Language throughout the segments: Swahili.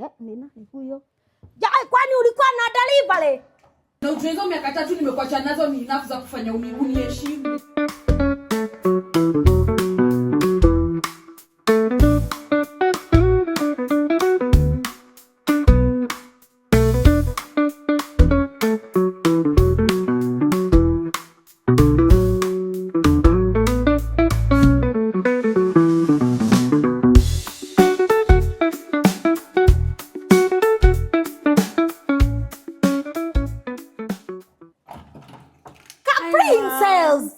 Eh, ni nani huyo? Ja, eh, kwani ulikuwa na delivery? Na utuweza miaka tatu nimekuacha nazo ni nafu za kufanya uniuni heshima.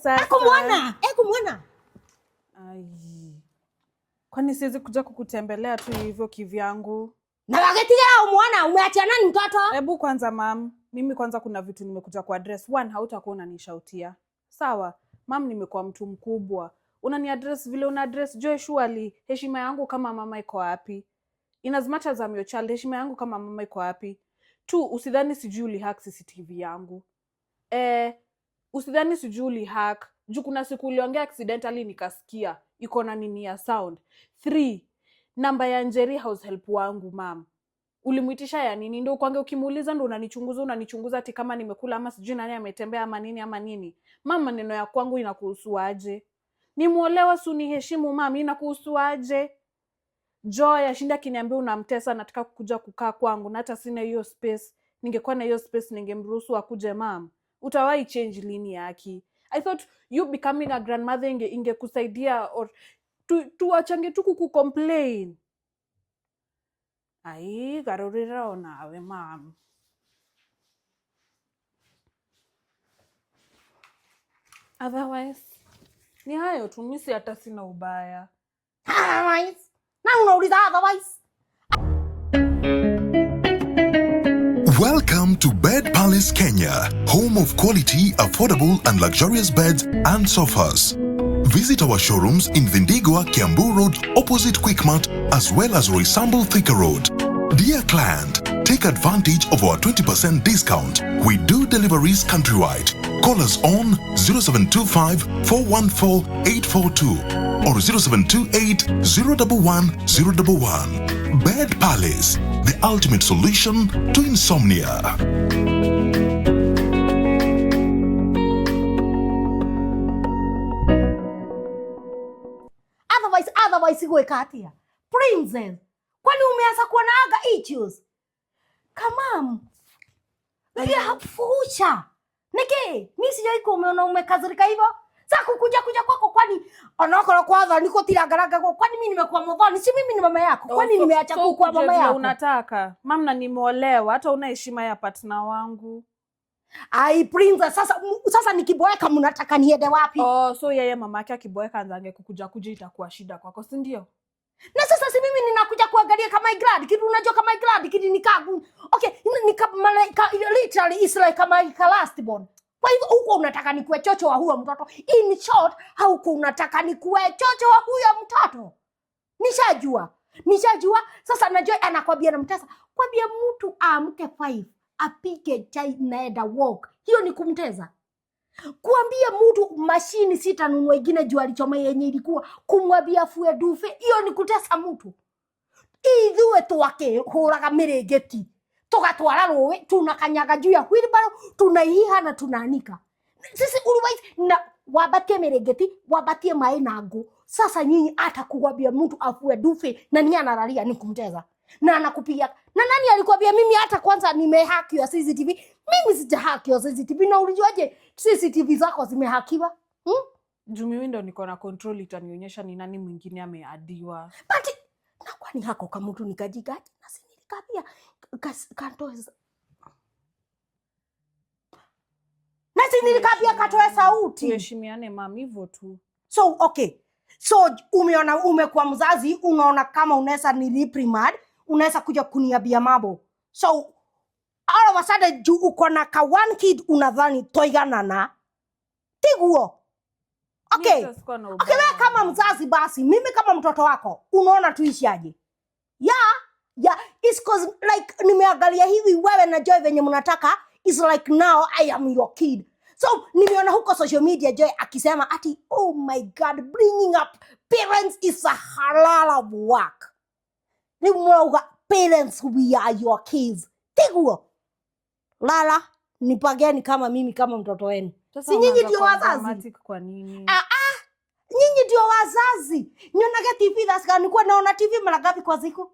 sasa. mwana, eko eh, mwana. Ai, kwani siwezi kuja kukutembelea tu hivyo kivyangu? Na wakati leo mwana, umeachia nani mtoto? Hebu kwanza mam, mimi kwanza kuna vitu nimekuja ku address. One, hautakuwa unanishutia sawa? Mam, nimekuwa mtu mkubwa, unani address vile una address Joy. Surely heshima yangu kama mama iko wapi? In as much as I'm your child, heshima yangu kama mama iko wapi? Tu usidhani sijui ulihack CCTV yangu eh Usidhani sijui ulihack juu kuna siku uliongea accidentally nikasikia iko na nini ya sound. Three, namba ya Njeri house help wangu mam, ulimwitisha ya nini? Ndo kwange ukimuuliza ndo unanichunguza unanichunguza ti kama nimekula ama sijui nani ametembea ama nini ama nini. Mam, maneno ya kwangu inakuhusu aje? su ni heshimu mam, inakuhusuaje jo yashinda ashinda kiniambia unamtesa, nataka kuja kukaa kwangu na hata sina hiyo space. Ningekuwa na hiyo space ningemruhusu akuje mam utawai change lini yaki i thought you becoming a grandmother inge ingekusaidia or tuwachange tu kukucomplain ai garurirawo nawe mam otherwise ni hayo tumisi hata sina ubaya otherwise na unauliza otherwise Welcome to Bed Palace Kenya, home of quality, affordable, and luxurious beds and sofas. Visit our showrooms in Vindigua, Kiambu Road, opposite Quickmart, as well as Roysambu Thika Road. Dear client, take advantage of our 20% discount. We do deliveries countrywide. Call us on 0725 414 842 or 0728 011 011. Bed Palace the ultimate solution to insomnia. Otherwise, otherwise weka hatia. Princess, kwani umeanza kuona aga issues? Come Kamamu. Wewe hakufucha. Nike, mimi sijaiko umeona umekazirika hivyo? sitaki kukuja kuja kwako, kwani onakora kwadha niko tirangaraga kwa kwani mimi nimekuwa mudhoni, si mimi ni mama yako? Kwani nimeacha kukuwa mama yako? Unataka mamna nimeolewa, hata una heshima ya partner wangu. Ai, princess sasa, sasa nikiboeka mnataka niende wapi? Oh, so yeye mama yake akiboeka anzange kukuja kuja itakuwa shida kwako, si ndio? Na sasa si mimi ninakuja kuangalia kama grad, kitu, unajua kama grad, kitu nikagu. Okay, nika, literally is like kama last born. Kwa hivyo huko unataka nikuwe chocho wa huyo mtoto. In short, huko unataka nikuwe chocho wa huyo mtoto. Nishajua. Nishajua. Sasa najua anakwambia na mtesa. Kwambia mtu aamke 5, apike chai naenda walk. Hiyo ni kumteza. Kuambia mtu mashini sita nunua ingine juu alichoma yenye ilikuwa kumwambia fue dufe, hiyo ni kutesa mtu. Ithuĩ twakĩhũraga mĩrĩngĩti tugatwara rũĩ tunakanyaga juu ya wheelbarrow tunaiha na tunaanika sisi otherwise na wabatie merengeti wabatie maĩ na ngũ sasa nyinyi hata kukwambia mtu afue dufe na ni analalia ni kumteza na anakupiga na nani alikwambia mimi hata kwanza nimehakiwa CCTV mimi sijahakiwa CCTV na ulijuaje CCTV zako zimehakiwa hmm? juu mimi ndo niko na control itanionyesha ni nani mwingine ameadiwa but na kwani hako kama mtu nikajikaji na sinilikapia katoe nasi nilikabia katoe sauti. Heshimiane mami, hivyo tu. So okay, so umeona, umekuwa mzazi, unaona kama unaweza ni reprimand, unaweza kuja kuniambia mambo so all of a sudden juu uko na ka one kid unadhani toigana na tiguo. Okay. Okay, wewe kama mzazi basi, mimi kama mtoto wako unaona tuishi aje? Ya, ya It's cause like nimeangalia hivi wewe na Joy venye mnataka, is like now I am your kid. So nimeona huko social media Joy akisema ati oh my god bringing up parents is a halal of work. Nimeona parents we are your kids. Tiguo. Lala nipageni kama mimi kama mtoto wenu. Si nyinyi ndio wazazi. Kwa nini? Ah ah. Nyinyi ndio wazazi. Nionage TV that's nikuwa naona TV mara ngapi kwa siku?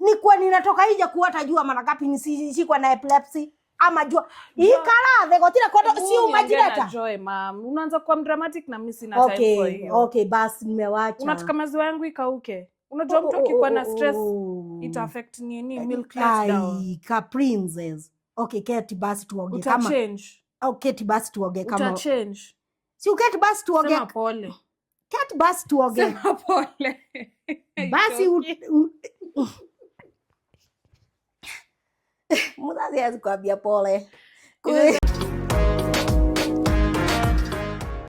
ni kwa ninatoka hija kuwata jua mara ngapi nisishikwa na epilepsy ama jua hii kala thego tira kwa si umajileta joy mam, unaanza kuwa dramatic na mimi sina okay, time kwa hiyo. Okay, basi nimewacha. Unataka maziwa yangu ikauke. Unajua oh, mtu oh, akikuwa oh, na stress it affect nini eh, milk clot down. Ka princess. Okay, keti basi tuoge Uta kama. Change. Au keti basi tuoge kama. Uta change. Si uketi basi tuoge. Sema pole. Keti basi tuoge. Sema pole. Basi on gracias, Guapia Pole.